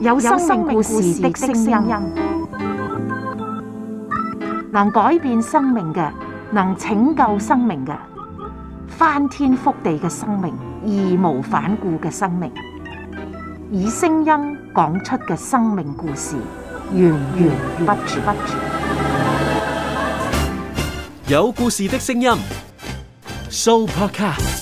有生命故事的聲音，能改變生命嘅，能拯救生命嘅，翻天覆地嘅生命，義無反顧嘅生命，以聲音講出嘅生命故事，源源不絕。有故事的聲音，Supercar。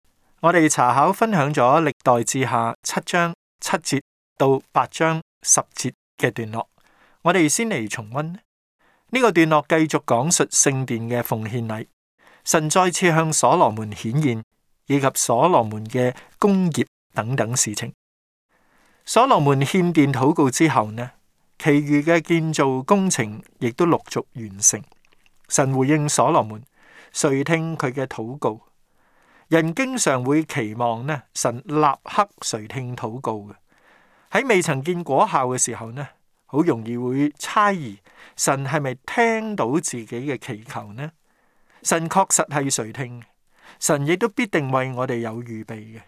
我哋查考分享咗歷代志下七章七節到八章十節嘅段落，我哋先嚟重溫呢、這個段落，繼續講述聖殿嘅奉獻禮。神再次向所羅門顯現，以及所羅門嘅工業等等事情。所羅門獻殿禱告之後呢，其餘嘅建造工程亦都陸續完成。神回應所羅門，垂聽佢嘅禱告。人經常會期望呢，神立刻垂聽禱告嘅。喺未曾見果效嘅時候呢，好容易會猜疑神係咪聽到自己嘅祈求呢？神確實係垂聽，神亦都必定為我哋有預備嘅。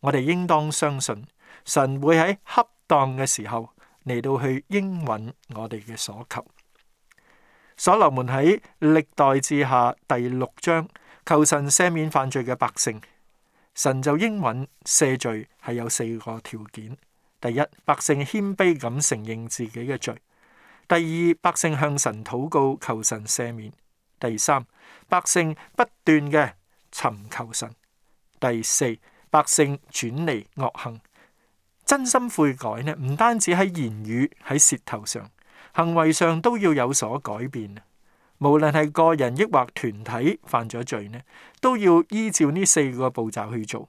我哋應當相信神會喺恰當嘅時候嚟到去應允我哋嘅所求。所羅門喺歷代志下第六章。求神赦免犯罪嘅百姓，神就應允赦罪係有四個條件。第一，百姓謙卑咁承認自己嘅罪；第二，百姓向神禱告求神赦免；第三，百姓不斷嘅尋求神；第四，百姓轉離惡行，真心悔改呢，唔單止喺言語喺舌頭上，行為上都要有所改變。無論係個人抑或團體犯咗罪呢，都要依照呢四個步驟去做，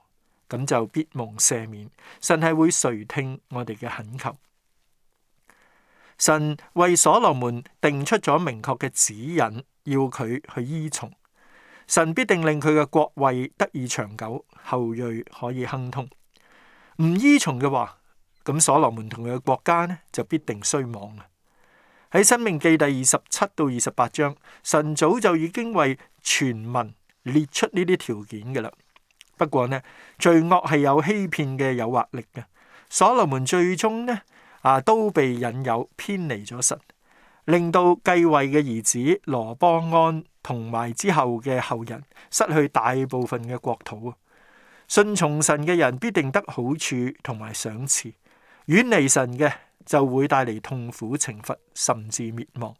咁就必蒙赦免。神係會垂聽我哋嘅懇求。神為所羅門定出咗明確嘅指引，要佢去依從。神必定令佢嘅國位得以長久，後裔可以亨通。唔依從嘅話，咁所羅門同佢嘅國家呢，就必定衰亡啦。喺《申命記》第二十七到二十八章，神早就已經為全民列出呢啲條件嘅啦。不過呢，罪惡係有欺騙嘅誘惑力嘅，所羅門最終呢啊都被引誘偏離咗神，令到繼位嘅兒子羅波安同埋之後嘅後人失去大部分嘅國土啊。信從神嘅人必定得好處同埋賞賜，遠離神嘅，就會帶嚟痛苦懲罰，甚至滅亡。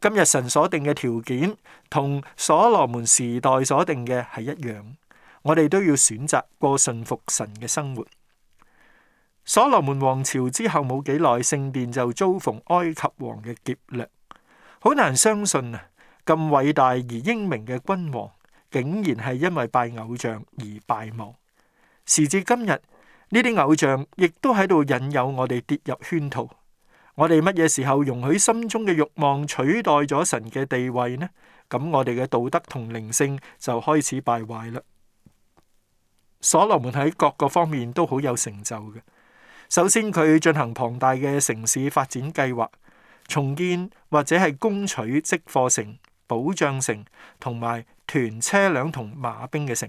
今日神所定嘅條件，同所羅門時代所定嘅係一樣。我哋都要選擇過信服神嘅生活。所羅門王朝之後冇幾耐，聖殿就遭逢埃及王嘅劫掠。好難相信啊！咁偉大而英明嘅君王，竟然係因為拜偶像而敗亡。時至今日。呢啲偶像亦都喺度引誘我哋跌入圈套。我哋乜嘢時候容許心中嘅欲望取代咗神嘅地位呢？咁我哋嘅道德同靈性就開始敗壞啦。所羅門喺各個方面都好有成就嘅。首先佢進行龐大嘅城市發展計劃，重建或者係攻取積貨城、保障城同埋屯車輛同馬兵嘅城。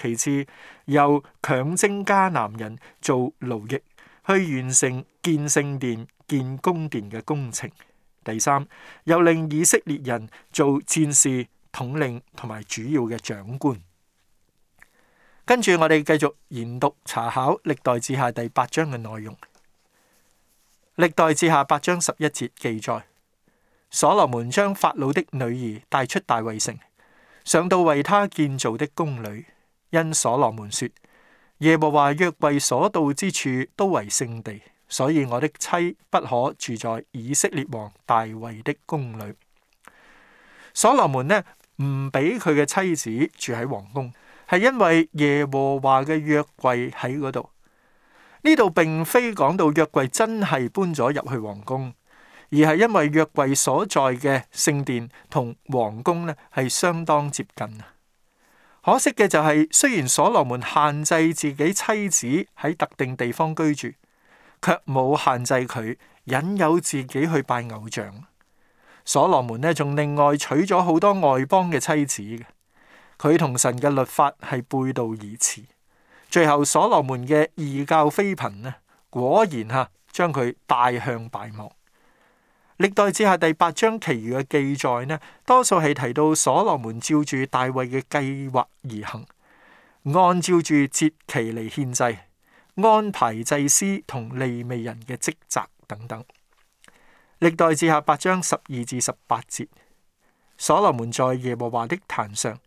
其次，又強徵迦南人做勞役，去完成建聖殿、建宮殿嘅工程。第三，又令以色列人做戰士、統領同埋主要嘅長官。跟住我哋繼續研讀查考歷代志下第八章嘅內容。歷代志下八章十一節記載：所羅門將法老的女兒帶出大衛城，上到為他建造的宮裏。因所羅門說，耶和華約櫃所到之處都為聖地，所以我的妻不可住在以色列王大衛的宮裏。所羅門呢，唔俾佢嘅妻子住喺皇宮，係因為耶和華嘅約櫃喺嗰度。呢度並非講到約櫃真係搬咗入去皇宮，而係因為約櫃所在嘅聖殿同皇宮呢係相當接近。可惜嘅就係、是，雖然所羅門限制自己妻子喺特定地方居住，卻冇限制佢引誘自己去拜偶像。所羅門呢，仲另外娶咗好多外邦嘅妻子嘅，佢同神嘅律法係背道而馳。最後所羅門嘅異教妃嬪呢，果然吓將佢帶向敗亡。歷代志下第八章其餘嘅記載呢，多數係提到所羅門照住大衛嘅計劃而行，按照住節期嚟獻祭，安排祭司同利未人嘅職責等等。歷代志下八章十二至十八節，所羅門在耶和華的壇上，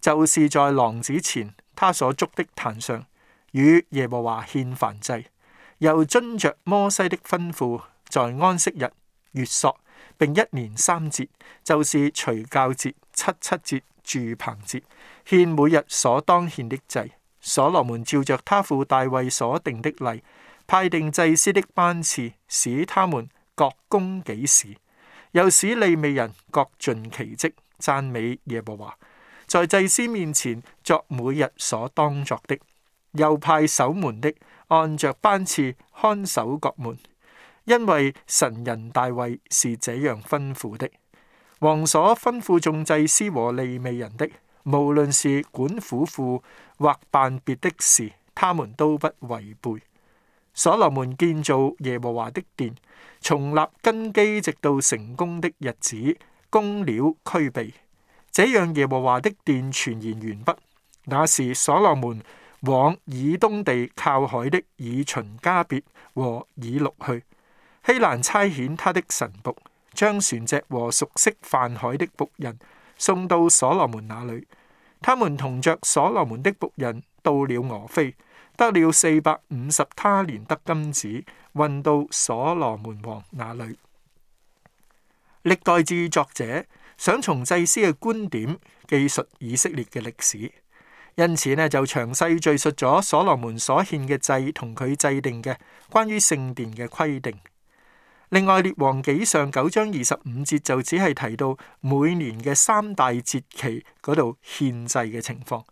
就是在廊子前他所築的壇上，與耶和華獻燔祭，又遵着摩西的吩咐，在安息日。月朔，並一年三節，就是除酵節、七七節、住棚節，獻每日所當獻的祭。所羅門照着他父大衛所定的例，派定祭司的班次，使他們各供己事，又使利未人各盡其職，讚美耶和華，在祭司面前作每日所當作的，又派守門的按着班次看守各門。因為神人大衛是這樣吩咐的。王所吩咐眾祭司和利未人的，無論是管府庫或辦別的事，他們都不違背。所羅門建造耶和華的殿，從立根基直到成功的日子，工料俱備。這樣耶和華的殿全然完畢，那時所羅門往以東地靠海的以旬迦別和以祿去。希蘭差遣他的神僕，將船隻和熟悉泛海的僕人送到所羅門那裏。他們同着所羅門的僕人到了俄非，得了四百五十他連得金子，運到所羅門王那裏。歷代志作者想從祭司嘅觀點記述以色列嘅歷史，因此呢，就詳細敘述咗所羅門所獻嘅祭同佢制定嘅關於聖殿嘅規定。另外，列王紀上九章二十五節就只係提到每年嘅三大節期嗰度獻祭嘅情況，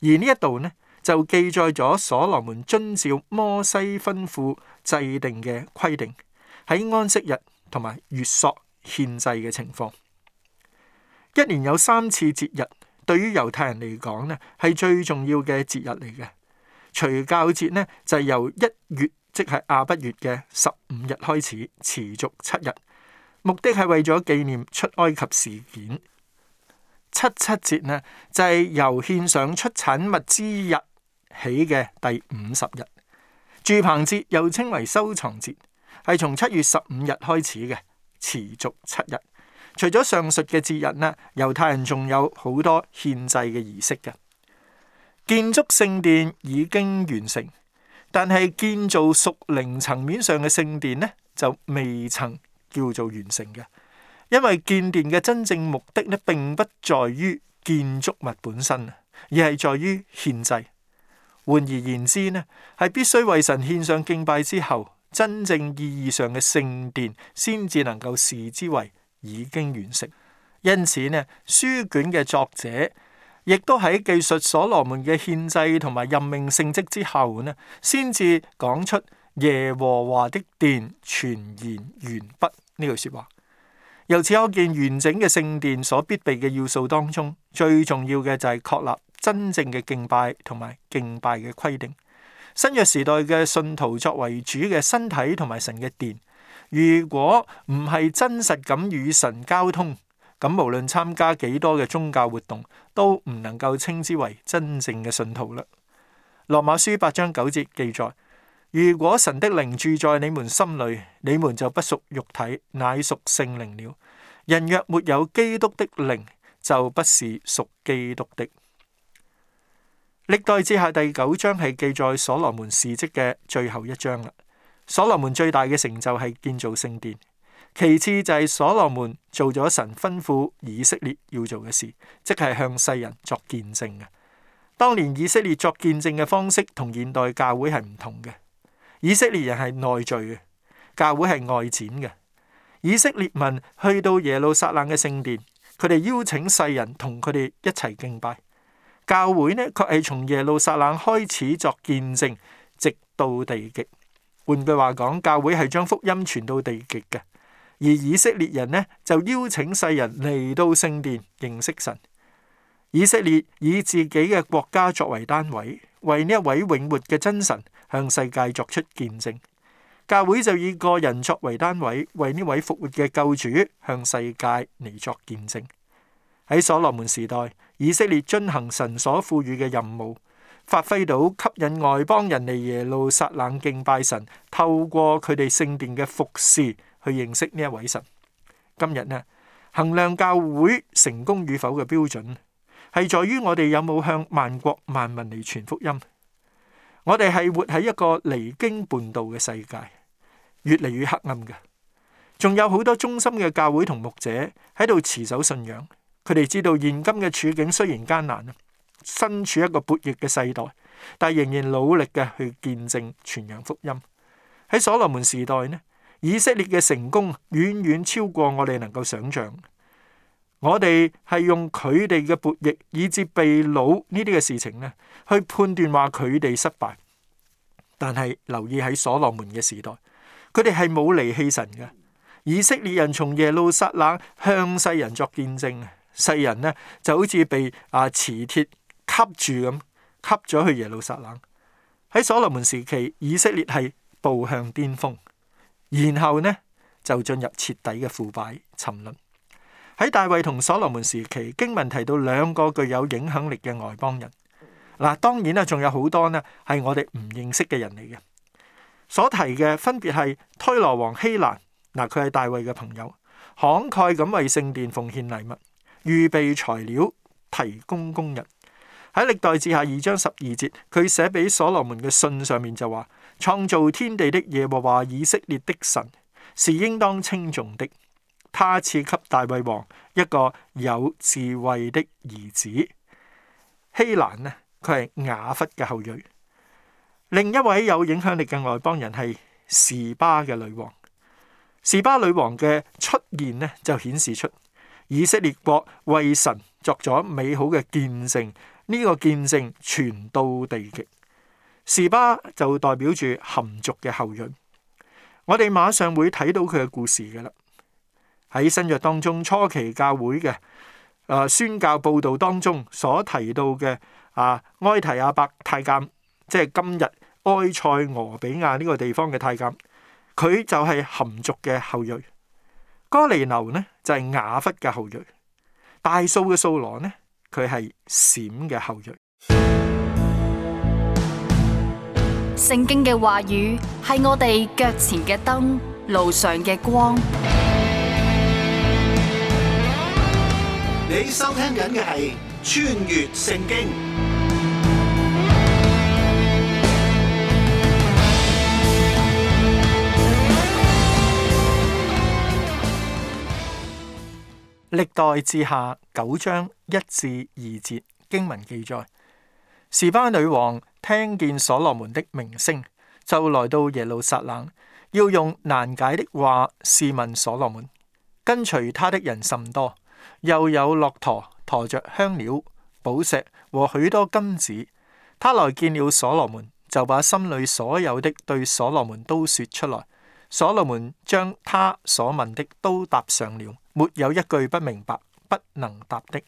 而呢一度呢就記載咗所羅門遵照摩西吩咐制定嘅規定，喺安息日同埋月朔獻祭嘅情況。一年有三次節日，對於猶太人嚟講呢係最重要嘅節日嚟嘅。除酵節呢就係由一月。即係阿不月嘅十五日開始，持續七日，目的係為咗紀念出埃及事件。七七節呢，就係、是、由獻上出產物之日起嘅第五十日。住棚節又稱為收藏節，係從七月十五日開始嘅，持續七日。除咗上述嘅節日呢，猶太人仲有好多獻祭嘅儀式嘅。建築聖殿已經完成。但係建造屬靈層面上嘅聖殿呢，就未曾叫做完成嘅，因為建殿嘅真正目的呢，並不在於建築物本身，而係在於獻祭。換而言之呢，係必須為神獻上敬拜之後，真正意義上嘅聖殿，先至能夠視之為已經完成。因此呢，書卷嘅作者。亦都喺記述所羅門嘅獻祭同埋任命聖職之後呢，先至講出耶和華的殿全然完畢呢句說話。由此可見，完整嘅聖殿所必備嘅要素當中，最重要嘅就係確立真正嘅敬拜同埋敬拜嘅規定。新約時代嘅信徒作為主嘅身體同埋神嘅殿，如果唔係真實咁與神交通。咁無論參加幾多嘅宗教活動，都唔能夠稱之為真正嘅信徒嘞。羅馬書八章九節記載：如果神的靈住在你們心裏，你們就不屬肉體，乃屬聖靈了。人若沒有基督的靈，就不是屬基督的。歷代志下第九章係記載所羅門事跡嘅最後一章啦。所羅門最大嘅成就係建造聖殿。其次就係所羅門做咗神吩咐以色列要做嘅事，即係向世人作見證嘅。當年以色列作見證嘅方式同現代教會係唔同嘅。以色列人係內聚嘅，教會係外展嘅。以色列民去到耶路撒冷嘅聖殿，佢哋邀請世人同佢哋一齊敬拜。教會呢，確係從耶路撒冷開始作見證，直到地極。換句話講，教會係將福音傳到地極嘅。而以色列人呢，就邀請世人嚟到聖殿認識神。以色列以自己嘅國家作為單位，為呢一位永活嘅真神向世界作出見證。教會就以個人作為單位，為呢位復活嘅救主向世界嚟作見證。喺所羅門時代，以色列進行神所賦予嘅任務，發揮到吸引外邦人嚟耶路撒冷敬拜神，透過佢哋聖殿嘅服侍。去認識呢一位神。今日呢，衡量教會成功與否嘅標準，係在於我哋有冇向萬國萬民嚟傳福音。我哋係活喺一個離經叛道嘅世界，越嚟越黑暗嘅。仲有好多忠心嘅教會同牧者喺度持守信仰。佢哋知道現今嘅處境雖然艱難啊，身處一個悖逆嘅世代，但係仍然努力嘅去見證傳揚福音。喺所羅門時代呢？以色列嘅成功遠遠超過我哋能夠想象。我哋係用佢哋嘅悖逆以致被擄呢啲嘅事情咧，去判斷話佢哋失敗。但係留意喺所羅門嘅時代，佢哋係冇離棄神嘅。以色列人從耶路撒冷向世人作見證，世人呢就好似被啊磁鐵吸住咁吸咗去耶路撒冷。喺所羅門時期，以色列係步向巔峰。然後呢，就進入徹底嘅腐敗沉淪。喺大衛同所羅門時期，經文提到兩個具有影響力嘅外邦人。嗱，當然啦，仲有好多呢係我哋唔認識嘅人嚟嘅。所提嘅分別係推羅王希蘭，嗱佢係大衛嘅朋友，慷慨咁為聖殿奉獻禮物，預備材料，提供工人。喺歷代志下二章十二節，佢寫俾所羅門嘅信上面就話。創造天地的耶和華，以色列的神是應當稱頌的。他賜給大衛王一個有智慧的兒子希蘭呢，佢係雅弗嘅後裔。另一位有影響力嘅外邦人係示巴嘅女王。示巴女王嘅出現呢，就顯示出以色列國為神作咗美好嘅見證。呢、這個見證傳到地極。士巴就代表住含族嘅後裔，我哋馬上會睇到佢嘅故事㗎喇。喺新約當中初期教會嘅誒、呃、宣教報道當中所提到嘅啊、呃，埃提阿伯太監，即係今日埃塞俄比亞呢個地方嘅太監，佢就係含族嘅後裔。哥尼流呢就係、是、雅弗嘅後裔，大數嘅掃羅呢佢係閃嘅後裔。聖經嘅話語係我哋腳前嘅燈，路上嘅光。你收聽緊嘅係《穿越聖經》。歷代志下九章一至二節經文記載，示巴女王。聽見所羅門的名聲，就來到耶路撒冷，要用難解的話試問所羅門。跟隨他的人甚多，又有駱駝馱着香料、寶石和許多金子。他來見了所羅門，就把心裏所有的對所羅門都說出來。所羅門將他所問的都答上了，沒有一句不明白、不能答的。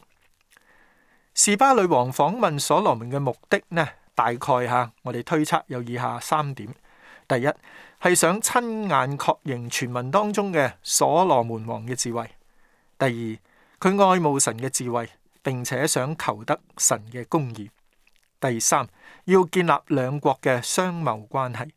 示巴女王訪問所羅門嘅目的呢？大概吓，我哋推測有以下三點：第一，係想親眼確認傳聞當中嘅所羅門王嘅智慧；第二，佢愛慕神嘅智慧，並且想求得神嘅公義；第三，要建立兩國嘅商貿關係。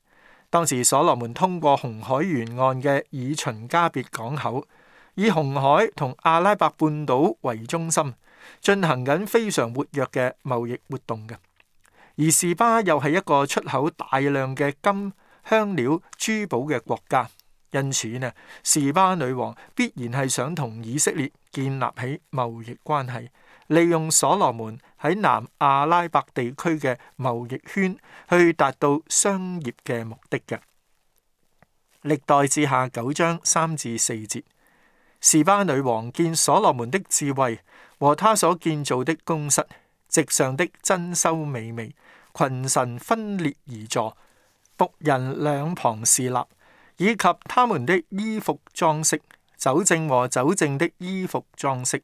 當時所羅門通過紅海沿岸嘅以秦加別港口，以紅海同阿拉伯半島為中心，進行緊非常活躍嘅貿易活動嘅。而示巴又係一個出口大量嘅金、香料珠寶嘅國家，因此呢，示巴女王必然係想同以色列建立起貿易關係，利用所羅門喺南阿拉伯地區嘅貿易圈去達到商業嘅目的嘅。歷代志下九章三至四節，示巴女王見所羅門的智慧和他所建造的宮室。席上的珍饈美味，群臣分列而坐，僕人兩旁侍立，以及他們的衣服裝飾、酒政和酒政的衣服裝飾。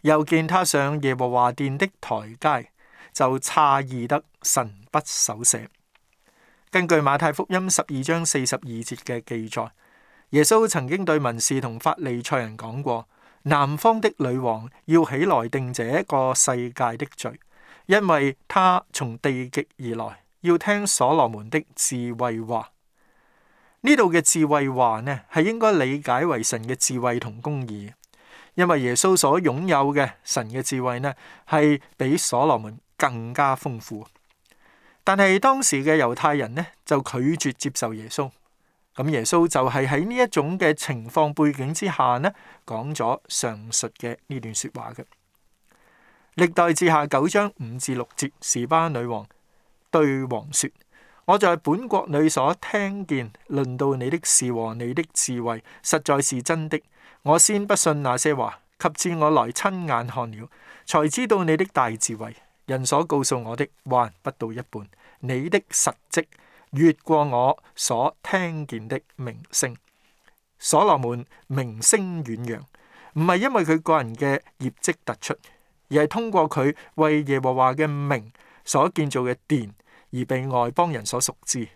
又見他上耶和華殿的台階，就詫異得神不守舍。根據馬太福音十二章四十二節嘅記載，耶穌曾經對文士同法利賽人講過：南方的女王要起來定這個世界的罪。因為他從地極而來，要聽所羅門的智慧話。呢度嘅智慧話呢，係應該理解為神嘅智慧同公義。因為耶穌所擁有嘅神嘅智慧呢，係比所羅門更加豐富。但係當時嘅猶太人呢，就拒絕接受耶穌。咁耶穌就係喺呢一種嘅情況背景之下呢，講咗上述嘅呢段說話嘅。歷代志下九章五至六節，示巴女王對王說：，我在本國裏所聽見論到你的事和你的智慧，實在是真的。我先不信那些話，及至我來親眼看了，才知道你的大智慧。人所告訴我的還不到一半，你的實跡越過我所聽見的名聲。所羅門名聲遠揚，唔係因為佢個人嘅業績突出。而係通過佢為耶和華嘅名所建造嘅殿而被外邦人所熟知。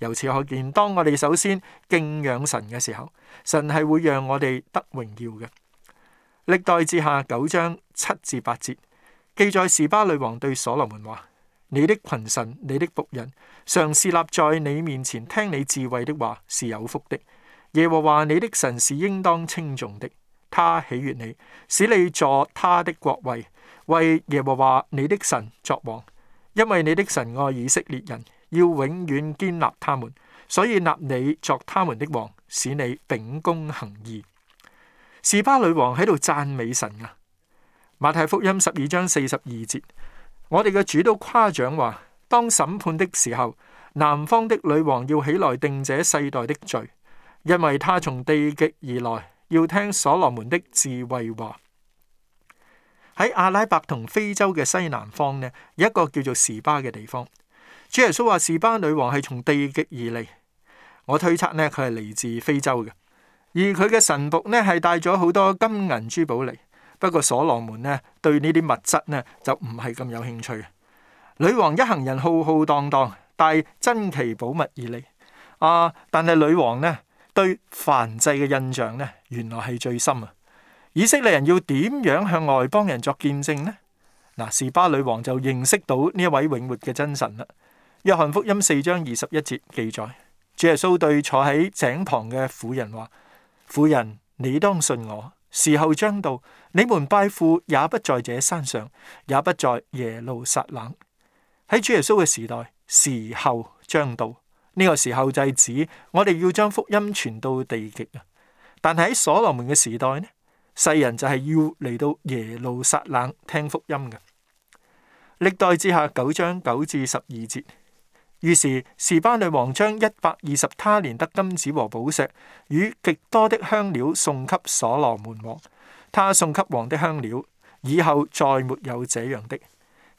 由此可見，當我哋首先敬仰神嘅時候，神係會讓我哋得榮耀嘅。歷代志下九章七至八節記載，示巴女王對所羅門話：，你的群臣、你的僕人，常是立在你面前聽你智慧的話，是有福的。耶和華你的神是應當稱頌的，他喜悅你，使你坐他的國位。為耶和華你的神作王，因為你的神愛以色列人，要永遠堅立他們，所以立你作他們的王，使你秉公行義。士巴女王喺度讚美神啊！馬太福音十二章四十二節，我哋嘅主都誇獎話，當審判的時候，南方的女王要起來定這世代的罪，因為她從地極而來，要聽所羅門的智慧話。喺阿拉伯同非洲嘅西南方呢，一個叫做士巴嘅地方。主耶穌話士巴女王係從地極而嚟，我推測呢，佢係嚟自非洲嘅。而佢嘅神僕呢，係帶咗好多金銀珠寶嚟，不過所羅門呢，對呢啲物質呢，就唔係咁有興趣。女王一行人浩浩蕩蕩，帶珍奇寶物而嚟，啊！但係女王呢，對梵製嘅印象呢，原來係最深啊！以色列人要點樣向外邦人作見證呢？嗱，士巴女王就認識到呢一位永活嘅真神啦。約翰福音四章二十一節記載，主耶穌對坐喺井旁嘅婦人話：婦人，你當信我，時候將到，你們拜父也不在這山上，也不在耶路撒冷。喺主耶穌嘅時代，時候將到，呢個時候就係指我哋要將福音傳到地極。但係喺所羅門嘅時代呢？世人就係要嚟到耶路撒冷聽福音嘅。歷代志下九章九至十二節。於是示巴女王將一百二十他連得金子和寶石與極多的香料送給所羅門王。他送給王的香料以後再沒有這樣的。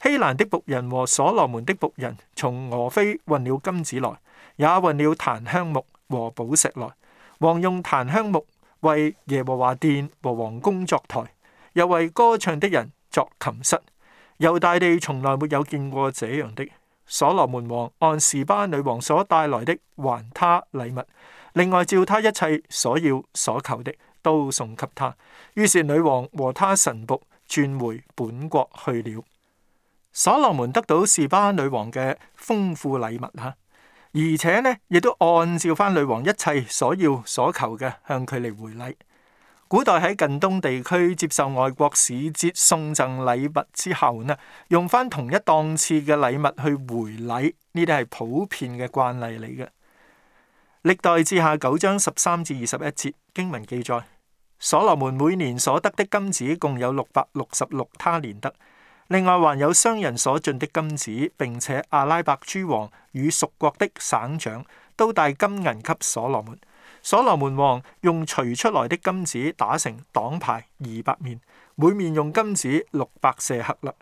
希蘭的僕人和所羅門的僕人從俄非運了金子來，也運了檀香木和寶石來。王用檀香木。為耶和華殿和王宮作台，又為歌唱的人作琴室。猶大地從來沒有見過這樣的。所羅門王按示巴女王所帶來的還他禮物，另外照他一切所要所求的都送給他。於是女王和他臣僕轉回本國去了。所羅門得到示巴女王嘅豐富禮物啊！而且呢，亦都按照翻女王一切所要所求嘅，向佢嚟回禮。古代喺近東地區接受外國使節送贈禮物之後呢，用翻同一檔次嘅禮物去回禮，呢啲係普遍嘅慣例嚟嘅。歷代志下九章十三至二十一節經文記載，所羅門每年所得的金子共有六百六十六他連得。另外，還有商人所進的金子，並且阿拉伯諸王與屬國的省長都帶金銀給所羅門。所羅門王用除出來的金子打成擋牌二百面，每面用金子六百舍客勒；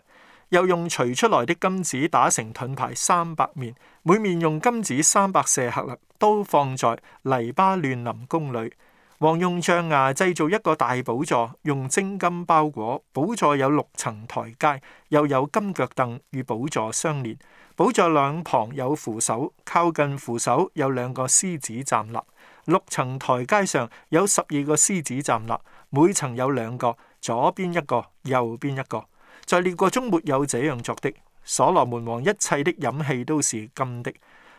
又用除出來的金子打成盾牌三百面，每面用金子三百舍客勒，都放在黎巴嫩林宮裏。王用象牙製造一個大寶座，用精金包裹。寶座有六層台階，又有金腳凳與寶座相連。寶座兩旁有扶手，靠近扶手有兩個獅子站立。六層台階上有十二個獅子站立，每層有兩個，左邊一個，右邊一個。在列國中沒有這樣做的。所羅門王一切的飲器都是金的，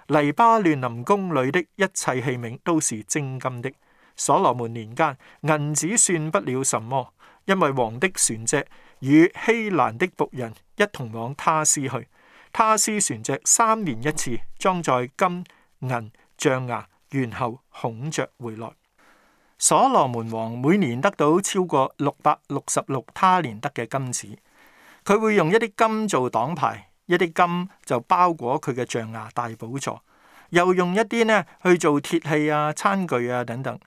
黎巴嫩林宮裏的一切器皿都是精金的。所羅門年間，銀子算不了什麼，因為王的船隻與希蘭的僕人一同往他斯去。他斯船隻三年一次裝，裝載金銀象牙，然後孔雀回來。所羅門王每年得到超過六百六十六他連得嘅金子，佢會用一啲金做擋牌，一啲金就包裹佢嘅象牙大寶座，又用一啲呢去做鐵器啊、餐具啊等等。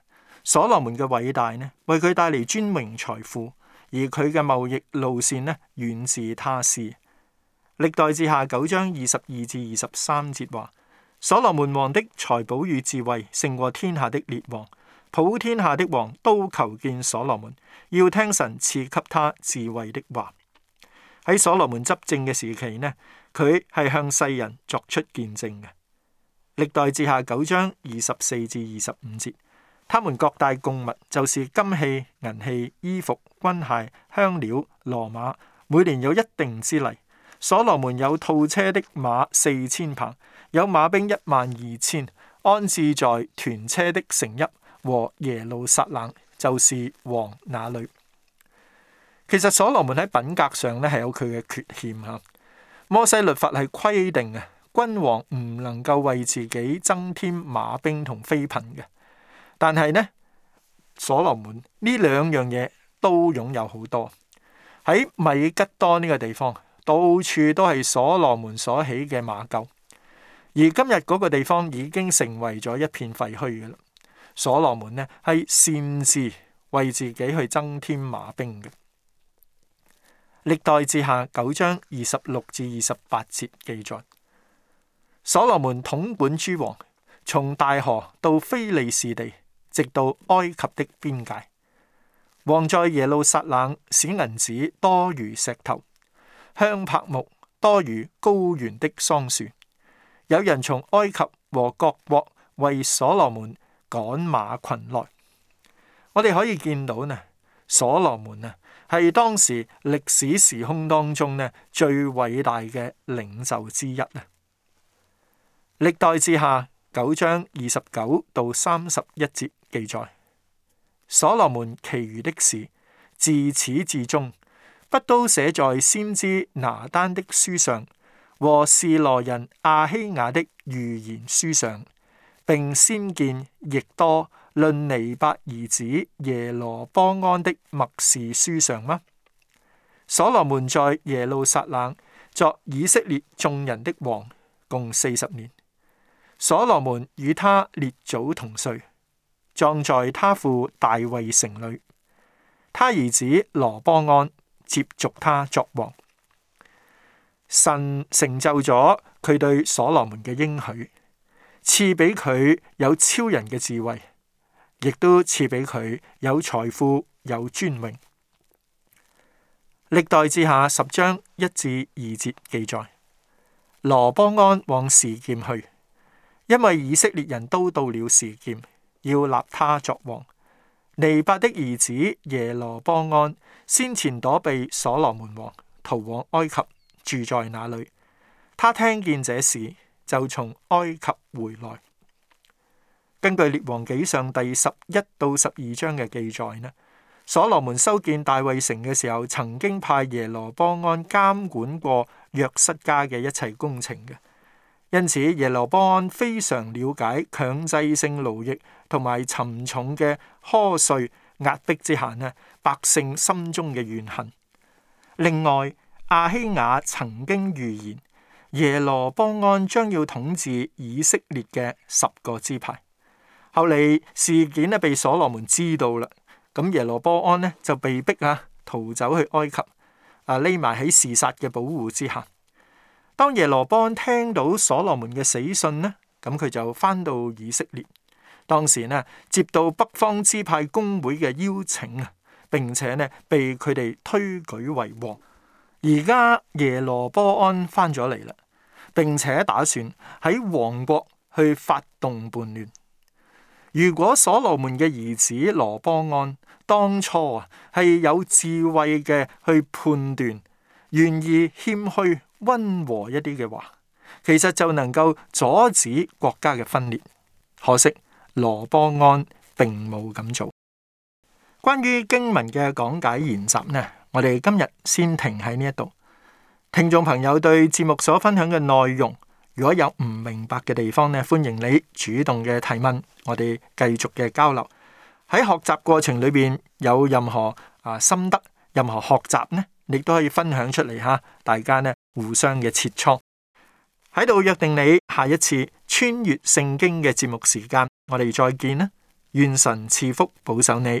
所羅門嘅偉大呢，為佢帶嚟尊榮財富，而佢嘅貿易路線呢源自他事。歷代志下九章二十二至二十三節話：所羅門王的財寶與智慧勝過天下的列王，普天下的王都求見所羅門，要聽神賜給他智慧的話。喺所羅門執政嘅時期呢，佢係向世人作出見證嘅。歷代志下九章二十四至二十五節。他們各帶貢物，就是金器、銀器、衣服、軍械、香料、騾馬，每年有一定之例。所羅門有套車的馬四千棚，有馬兵一萬二千，安置在屯車的城邑和耶路撒冷，就是王那裏。其實所羅門喺品格上咧係有佢嘅缺陷吓。摩西律法係規定啊，君王唔能夠為自己增添馬兵同妃嬪嘅。但係呢，所羅門呢兩樣嘢都擁有好多。喺米吉多呢個地方，到處都係所羅門所起嘅馬廄，而今日嗰個地方已經成為咗一片廢墟嘅啦。所羅門呢係擅自為自己去增添馬兵嘅。歷代志下九章二十六至二十八節記載，所羅門統管諸王，從大河到非利士地。直到埃及的邊界，王在耶路撒冷使銀子多如石頭，香柏木多如高原的桑樹。有人從埃及和各國為所羅門趕馬群來。我哋可以見到呢，所羅門啊，係當時歷史時空當中呢最偉大嘅領袖之一啊。歷代志下九章二十九到三十一節。記載所羅門其餘的事，自始至終，不都寫在先知拿單的書上和士羅人阿希亞的預言書上，並先見亦多論尼伯兒子耶羅波安的默示書上嗎？所羅門在耶路撒冷作以色列眾人的王，共四十年。所羅門與他列祖同歲。葬在他父大衛城裏，他兒子羅波安接續他作王。神成就咗佢對所羅門嘅應許，賜俾佢有超人嘅智慧，亦都賜俾佢有財富、有尊榮。歷代志下十章一至二節記載：羅波安往示劍去，因為以色列人都到了示劍。要立他作王。尼伯的兒子耶羅波安先前躲避所羅門王，逃往埃及，住在那裏。他聽見這事，就從埃及回來。根據《列王紀》上第十一到十二章嘅記載呢，所羅門修建大衛城嘅時候，曾經派耶羅波安監管過約瑟家嘅一切工程嘅。因此，耶羅波安非常了解強制性勞役同埋沉重嘅苛稅壓迫之下，呢百姓心中嘅怨恨。另外，阿希雅曾經預言耶羅波安將要統治以色列嘅十個支派。後嚟事件呢被所羅門知道啦，咁耶羅波安呢就被逼啊逃，逃走去埃及，啊匿埋喺示撒嘅保護之下。當耶羅波安聽到所羅門嘅死訊呢，咁佢就翻到以色列。當時呢，接到北方支派公會嘅邀請啊，並且呢被佢哋推舉為王。而家耶羅波安翻咗嚟啦，並且打算喺王國去發動叛亂。如果所羅門嘅兒子羅波安當初啊係有智慧嘅去判斷，願意謙虛。溫和一啲嘅話，其實就能夠阻止國家嘅分裂。可惜羅波安並冇咁做。關於經文嘅講解研習呢，我哋今日先停喺呢一度。聽眾朋友對節目所分享嘅內容，如果有唔明白嘅地方呢，歡迎你主動嘅提問，我哋繼續嘅交流。喺學習過程裏邊有任何啊心得，任何學習呢，你都可以分享出嚟吓，大家呢。互相嘅切磋，喺度約定你下一次穿越聖經嘅節目時間，我哋再見啦！願神賜福保守你。